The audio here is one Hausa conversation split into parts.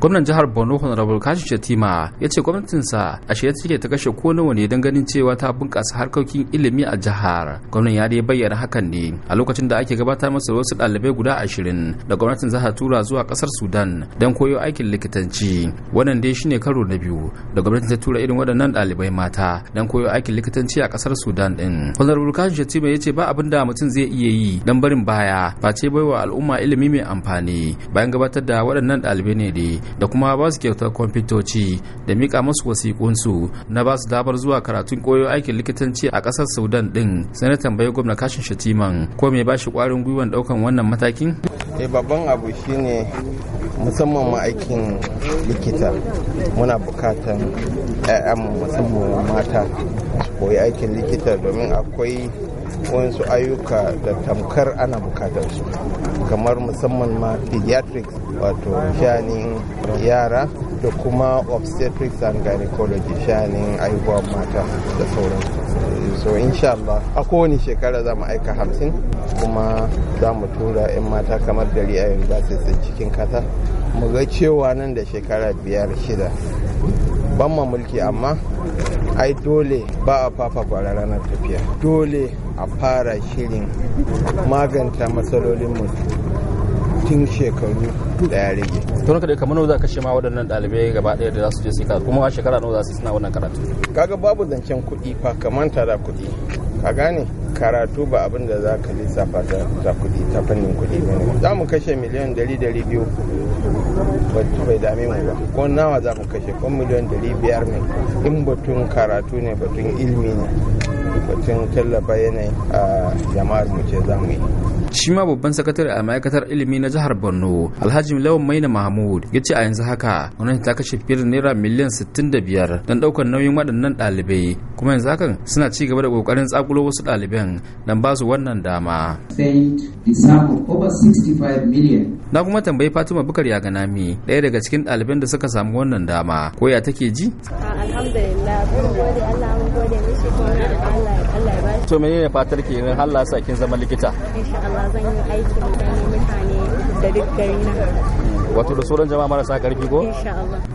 gwamnan jihar borno honorable kashi shatima ya ce gwamnatinsa a shirye take ta kashe ko nawa ne don ganin cewa ta bunƙasa harkokin ilimi a jihar gwamnan ya dai bayyana hakan ne a lokacin da ake gabatar masa wasu ɗalibai guda ashirin da gwamnatin za ta tura zuwa ƙasar sudan don koyo aikin likitanci wannan dai shine karo na biyu da gwamnatin ta tura irin waɗannan ɗalibai mata don koyo aikin likitanci a ƙasar sudan ɗin honorable kashi shatima ya ce ba abin da mutum zai iya yi don barin baya face baiwa al'umma ilimi mai amfani bayan gabatar da waɗannan ɗalibai ne kuɗaɗe da kuma ba su kyautar kwamfutoci da mika musu wasiƙunsu na ba su damar zuwa karatun koyo aikin likitanci a ƙasar sudan ɗin sai na tambayi gwamna kashin shatiman ko me ba shi ƙwarin gwiwan ɗaukan wannan matakin eh, babban abu shine musamman ma aikin likita muna bukatan 'ya'yan musamman mata koyi aikin likita domin akwai wasu ayyuka da tamkar ana bukatar su kamar musamman ma pediatrics wato shanin yara da kuma obstetrics and gynecology shanin aihuwa mata da sauran. so insha Allah a kowane shekara za mu aika hamsin kuma za mu tura 'yan mata kamar dari a yanzu cikin kasa mu ga cewa nan da shekara biyar shida ban ma mulki amma ai dole ba a fafa kwara ranar tafiya dole a fara shirin maganta matsalolin tun shekaru da ya rage. Tun kada kamar nau za ka ma waɗannan ɗalibai gaba ɗaya da za su je su karatu kuma a shekara nawa za su suna wannan karatu. Kaga babu zancen kuɗi fa kamar tara kuɗi. Ka gane? karatu ba abin da za ka lissafa ta kudi ta fannin kuɗi ba ne za mu kashe miliyan dari dari biyu bai dame mu ba ko nawa za mu kashe ko miliyan dari biyar ne in batun karatu ne batun ilimi ne batun tallafa yanayi a jama'ar mu ce za mu yi shi ma babban sakatare a ma'aikatar ilimi na jihar borno alhaji lawan maina mahmud ya ce a yanzu haka gwamnati ta kashe fiye da naira miliyan 65 don daukar nauyin waɗannan ɗalibai kuma yanzu hakan suna ci gaba da ƙoƙarin tsakulo wasu ɗaliban don ba su wannan dama na kuma tambayi fatima bukar ya gana mi ɗaya daga cikin ɗaliban da suka samu wannan dama ko ya take ji alhamdulillah To menene fatar ki in Allah sa kin zama likita? Insha Allah zan yi aiki da mutane da duk gari na. Wato da sauran jama'a marasa karfi ko? Insha Allah.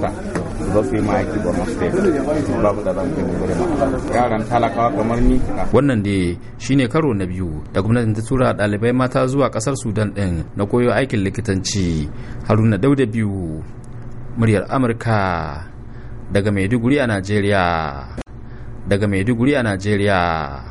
ta zo su yi ma'aiki ba masu babu da zan kai gure yaran talakawa kamar ni wannan da shine karo na biyu da gwamnatin ta tura ɗalibai mata zuwa ƙasar sudan ɗin na koyo aikin likitanci haruna dauda biyu muryar amurka daga maiduguri a najeriya daga maiduguri a najeriya